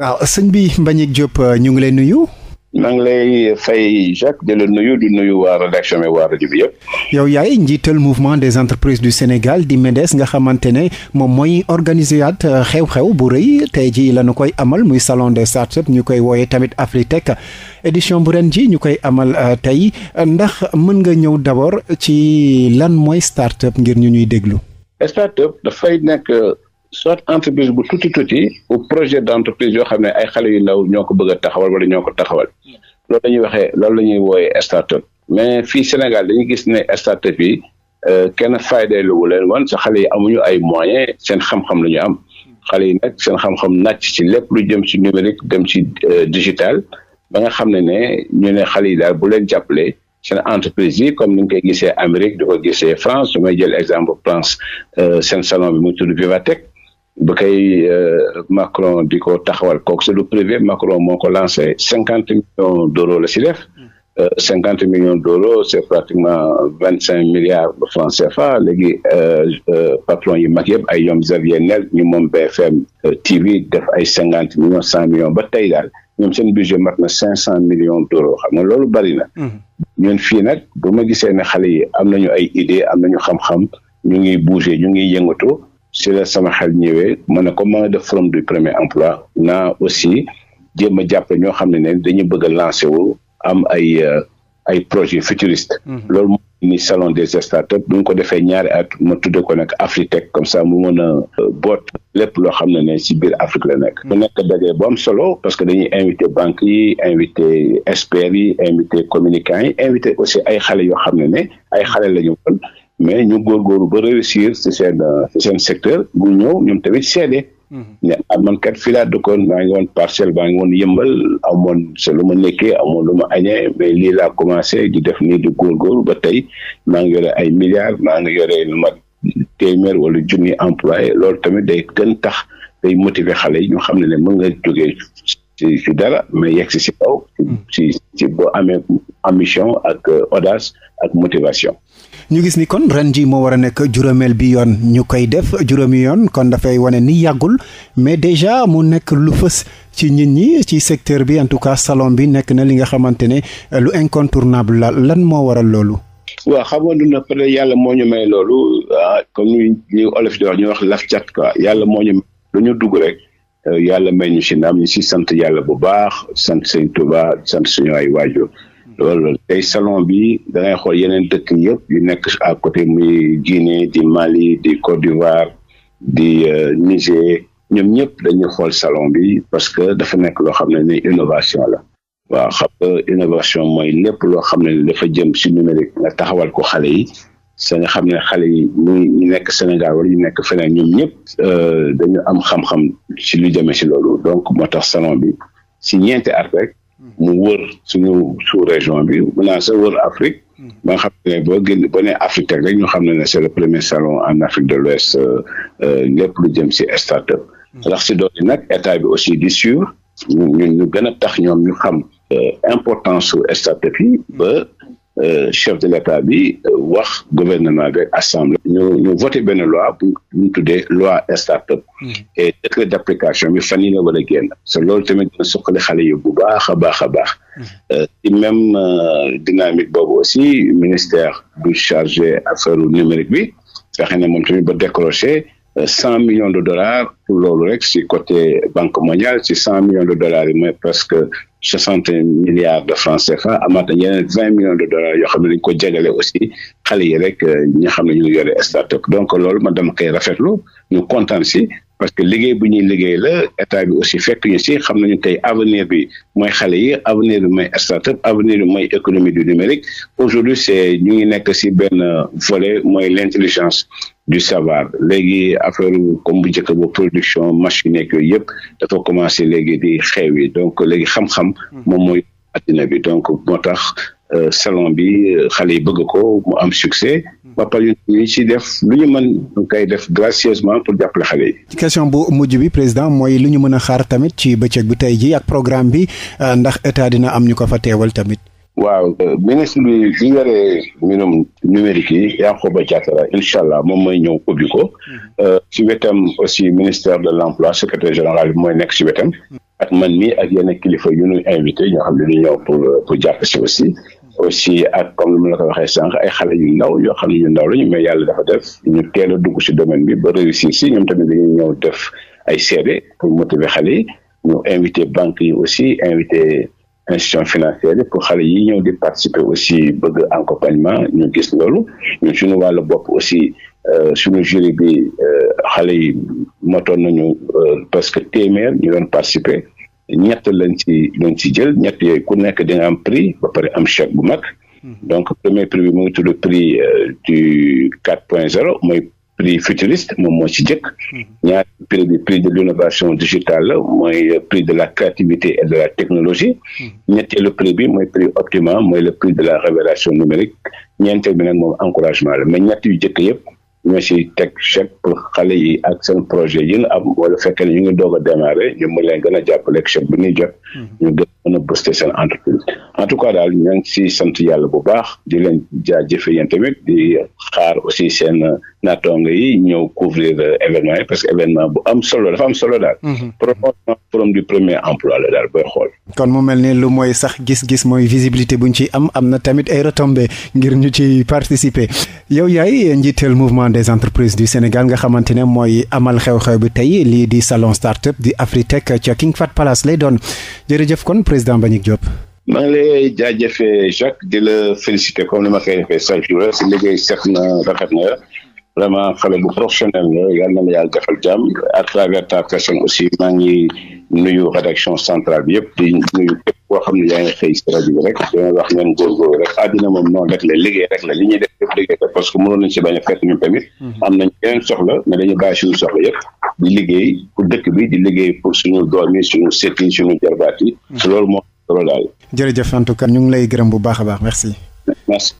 waaw sëñ bi Mbagnick Diop euh, ñu ngi lay nuyu. maa ngi lay fay Jacques de la nuyu di nuyu waa rédaction bi waa rajo bi yëpp. yow yaay njiital mouvement des entreprises du Sénégal di MEDES nga xamante ne moom mooy organiser at euh, xew-xew bu rëy tey jii la ñu koy amal muy salon des startups ñu koy wooyee tamit Afritech édition bu ren ji ñu koy amal euh, tey ndax mën nga ñëw d'abord ci lan mooy startup ngir ñu ñuy déglu. startup dafay nekk. soit entreprise bu tuuti tuuti ou projet d' entreprise yoo xam ne ay xale yu ndaw ñoo ko bëgg a taxawal wala ñoo ko taxawal loolu la ñuy waxee loolu la ñuy wooyee start-up mais fii Sénégal dañu gis ne start-up yi euh, kenn fayday lu wu leen woon sa xale yi amuñu ay moyens seen xam-xam la ñu am xale yi nag seen xam-xam nàcc ci lépp lu jëm ci numérique dem ci euh, digital ba nga xam ne ne ñu ne xale yi daal bu leen jàppale seen entreprise yi comme ni nga koy gisee Amérique di ko gisee France su may jël exemple France euh, seen salon bi mu tudd Vivatech ba kay euh, Macron di ko taxawal kooku c'est le privé Macron moo ko lancé cinquante millions d'euros la si def mm. euh, cinquante millions d'euros c'est pratiquement vingt cinq milliards de francs CFA léegi euh, patron yi mag yëpp ay ñoom Xavier Nel ñu moom BFM TV def ay cinquante millions cent millions ba tey daal ñoom seen budget mat na cinq cent millions d'euros xam loolu bari na mm-hmm. ñun fii nag bu ma gisee ne xale yi am nañu ay idées am nañu xam-xam ñu ngi bouger ñu ngi yëngatu si la sama xel ñëwee ma ne comme ma def forum du premier emploi na aussi jéem a jàppale ñoo xam ne ne dañu bëgg a lancer wu am ay euh, ay projet futuriste mhm. loolu moo ni salon des startups du ñu ko defee ñaari at ma tuddee ko nag Afritech comme ça mu mën a euh, boot lépp loo xam ne ne ci biir Afrique la nekk mhm. mu nekk dajee bu am solo parce que dañuy invité banques yi invité experts yi invité communicants yi invité aussi ay xale yoo xam ne ne ay xale la ñu mais ñu góorgóorlu ba réussir ci seen euh, ci seen secteur bu ñëw ñoom tamit seede. ne mm-hmm. man kat fii laa dëkkoon maa ngi woon parcelle maa ngi woon yembal amoon sa lu ma nekkee amoon lu ma añee mais lii laa commencé di def nii di góorgóorlu ba tey maa ngi yore ay milliards maa ngi yore lu ma téeméer wala junni employé loolu tamit day gën tax day motiver xale yi ñu xam ne ne mën nga jógee ci ci dara mais yegg si si kaw ci ci boo amee ambition ak euh, audace ak motivation ñu gis ni kon ren ji moo war a nekk juróomeel bi yoon ñu koy def juróomi yoon kon dafay wane ni yàggul mais déjà mu nekk lu fës ci nit ñi ci secteur bi en tout cas salon bi nekk na li nga xamante ne euh, lu incontournable la lan moo waral loolu waaw xam nga duna peut yàlla moo ñu may loolu ah, comme ñu olof di wax ñu wax laf cat quoi yàlla moo ñu lu ñu dugg rek Euh, yàlla may ñu si ndam ñu si sant yàlla bu baax sant sëñ Touba sant suñu ay waajur loolu tey salon bi dangay xool yeneen dëkk yëpp yu nekk à côté muy Guinée di Mali di Côte d'Ivoire di euh, Niger ñoom ñëpp dañuy xool salon bi parce que dafa nekk loo xam ne ni innovation la waaw xam nga innovation mooy lépp loo xam ne dafa jëm si numérique nga taxawal ko xale yi seen xam ne xale yi ñu nekk Sénégal wala ñu nekk feneen ñoom ñëpp euh, dañu am xam-xam ci lu jëmee si loolu donc moo tax salon bi si ñeenti at rek mu wër suñu sous région bi mu naa sa wër Afrique ba xam ne boo génn boo nee Afrique rek ñu xam ne ne c'est le premier salon en Afrique de l'Ouest euh, euh, lépp lu jëm si start-up ndax ci doole nag état bi aussi di suivre ñu ñu gën a tax ñoom ñu xam importance su start-up ba Euh, chef de l'état bi euh, wax gouvernement bi assemblée ñu ñu voté benn loi bu ñu tuddee loi start-up mm-hmm. et décret d'application bi fan yi la war a génn so loolu tamit dina suqali xale yi bu baax a baax a baax mm-hmm. euh, ci même dynamique boobu aussi ministère du chargé affaire numérique bi fexe ne moom tamit ba décroché cent millions de dollars pour loolu rek si côté banque mondiale si cent millions de dollars yi mooy presque soixante milliards de francs CFA amaat na yeneen vingt millions de dollars yoo xam ne dañ ko jagale aussi xale yi rek euh, ñi xam ne ñu yore start-up donc loolu ma dama koy rafetlu ñu kontaan si parce que liggéey bu ñuy liggéey la état bi aussi fekk ñu si xam nañu tey avenir bi mooy xale yi avenir bi mooy start-up avenir bi mooy économie du numérique aujourd'hui c'est ñu ngi nekk si benn volet mooy l'intelligence du savoir léegi affaire comme bu njëkk ba production machine yeeg yooyu yëpp dafa commencé léegi di xew yi donc léegi xam-xam moom mooy addina bi donc moo tax euh, salon bi euh, xale yi bëgg ko mu am succès ba pare ñu ci def lu ñu mën koy def gracieusement pour jàppale xale yi. ci question bu mujj bi président mooy lu ñu mën a xaar tamit ci bëccëg bi tey ji ak programme bi euh, ndax état dina am ñu ko fa teewal tamit. waaw ministre bi bi yore mbirum numérique yi Yankhoba Diattara incha allah moom mooy ñëw ubbi ko mm-hmm. euh, ci wetam aussi ministère de l' emploi secrétaire général bi mooy nekk si wetam mm-hmm. ak man mi ak yenn kilifa yu nu invité ñoo xam ne ñu ñëw pour pour jàpp si aussi mm-hmm. ak comme lu ma la ko waxee sànq ay xale yu ndaw ñoo xam ne ñu ndaw lañu mais yàlla dafa def ñu teel a dugg si domaine bi ba réussir si ñoom tamit dañuy ñëw def ay seede pour motiver xale yi ñu invité banque yi aussi invité. institution financière yi pour xale yi ñëw di participer aussi bëgg accompagnement ñu gis loolu ñun suñu wàllu bopp aussi euh, suñu jury bi euh, xale yi motoon nañu parce euh, presque téeméer ñu doon participer ñett lañ ci lañ ci jël ñett yooyu ku nekk di am prix ba pare am chèque bu mag mhm. donc premier prix bi mu ngi tudd prix du quatre point zéro mooy prix futuriste moom moo ci jëkk ñaari prix bi prix de l'innovation digitale mooy prix de la créativité et de la technologie ñetteelu prix bi mooy prix Optima mooy le prix de la révélation numérique ñeenteel bi nag moom encouragement la mais ñett jëkk yëpp ñoo ci teg chèque pour xale yi ak seen projet yi nga am wala fekkee ne ñu doog a démarrer ñu mën leen gën a jàppale ak chèque bi ñuy jot ñu gën a booster seen entreprise en tout cas daal ñu ngi si sant yàlla bu baax di leen jaajëfe yéen tamit di xaar aussi seen euh, naataango yi ñëw couvrir euh, événement yi parce que événement bu am solo dafa am solo daal. Mhm. promotion forum du premier emploi la daal booy xool. kon mu mel ni lu mooy sax gis-gis mooy visibilité buñ ci am am na tamit ay retombées ngir ñu ci participer yow yaay njiiteel mouvement des entreprises du Sénégal nga xamante ne mooy amal xew-xew bi tey lii di salon startup di Afritech ca King Fahd Palace lay doon jërëjëf kon président Mbagnick Diop. maa ngi lay jaajëfee Jacques di la félicité comme ni ma koy defee chaque jour si liggéey set na rafet na vraiment xale bu professionnel la yàlla na yàlla defal jàmm a travers ta personne aussi maa ngi nuyu rédaction centrale bi yëpp di nuyu képp koo xam ne yaa ngi xëy si rajo bi rek dina wax ngeen góorgóorlu rek àddina moom noonu rek la liggéey rek la li ñuy def yëpp liggéey parce que mënoon nañ si bañ a fekk ñun tamit mhm. am nañ yeneen soxla mais dañu bàyyi soxla yëpp di liggéey pour dëkk bi di liggéey pour suñu doom yi suñu sët yi suñu mhm. loolu moom solo daal. jërëjëf en tout ñu ngi lay gërëm bu baax a baax merci.